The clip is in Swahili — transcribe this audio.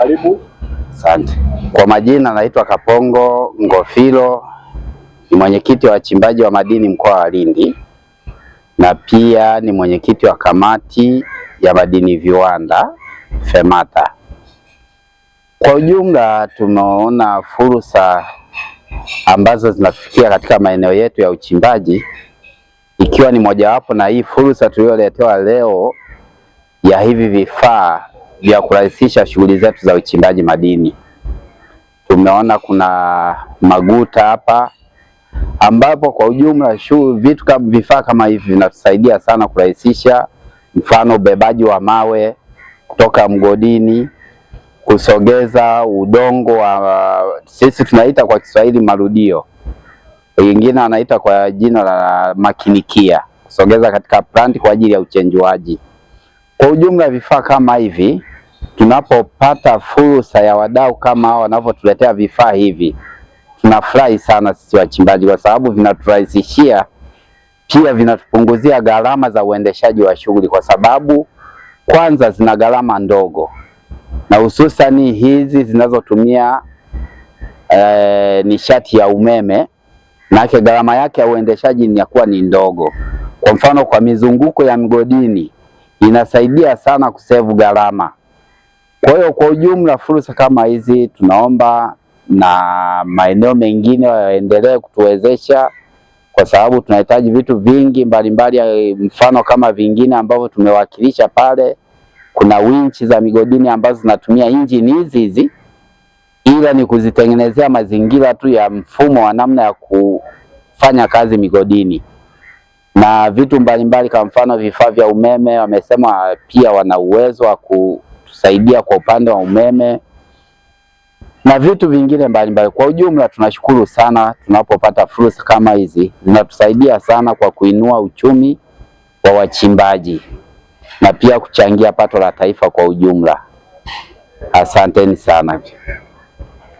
Karibu. Asante. Kwa majina naitwa Kapongo Ngofilo, ni mwenyekiti wa wachimbaji wa madini mkoa wa Lindi na pia ni mwenyekiti wa kamati ya madini viwanda FEMATA. Kwa ujumla, tumeona fursa ambazo zinafikia katika maeneo yetu ya uchimbaji ikiwa ni mojawapo na hii fursa tuliyoletewa leo ya hivi vifaa vya kurahisisha shughuli zetu za uchimbaji madini. Tumeona kuna maguta hapa, ambapo kwa ujumla shu vitu kama vifaa kama hivi vinatusaidia sana kurahisisha, mfano ubebaji wa mawe kutoka mgodini, kusogeza udongo wa sisi tunaita kwa Kiswahili marudio, wengine wanaita kwa jina la makinikia, kusogeza katika plant kwa ajili ya uchenjuaji. Kwa ujumla vifaa kama hivi tunapopata fursa ya wadau kama hao wanavyotuletea vifaa hivi, tunafurahi sana sisi wachimbaji, kwa sababu vinaturahisishia pia, vinatupunguzia gharama za uendeshaji wa shughuli, kwa sababu kwanza zina gharama ndogo, na hususani hizi zinazotumia e, nishati ya umeme, manake gharama yake ya uendeshaji inakuwa ni ndogo. Kwa mfano, kwa mizunguko ya mgodini inasaidia sana kusevu gharama kwa hiyo kwa ujumla, fursa kama hizi tunaomba na maeneo mengine waendelee kutuwezesha kwa sababu tunahitaji vitu vingi mbalimbali, mfano kama vingine ambavyo tumewakilisha pale. Kuna winchi za migodini ambazo zinatumia injini hizi hizi, ila ni kuzitengenezea mazingira tu ya mfumo wa namna ya kufanya kazi migodini na vitu mbalimbali, kwa mfano vifaa vya umeme. Wamesema pia wana uwezo wa ku kutusaidia kwa upande wa umeme na vitu vingine mbalimbali. Kwa ujumla, tunashukuru sana tunapopata fursa kama hizi, zinatusaidia sana kwa kuinua uchumi wa wachimbaji na pia kuchangia pato la taifa kwa ujumla. Asanteni sana.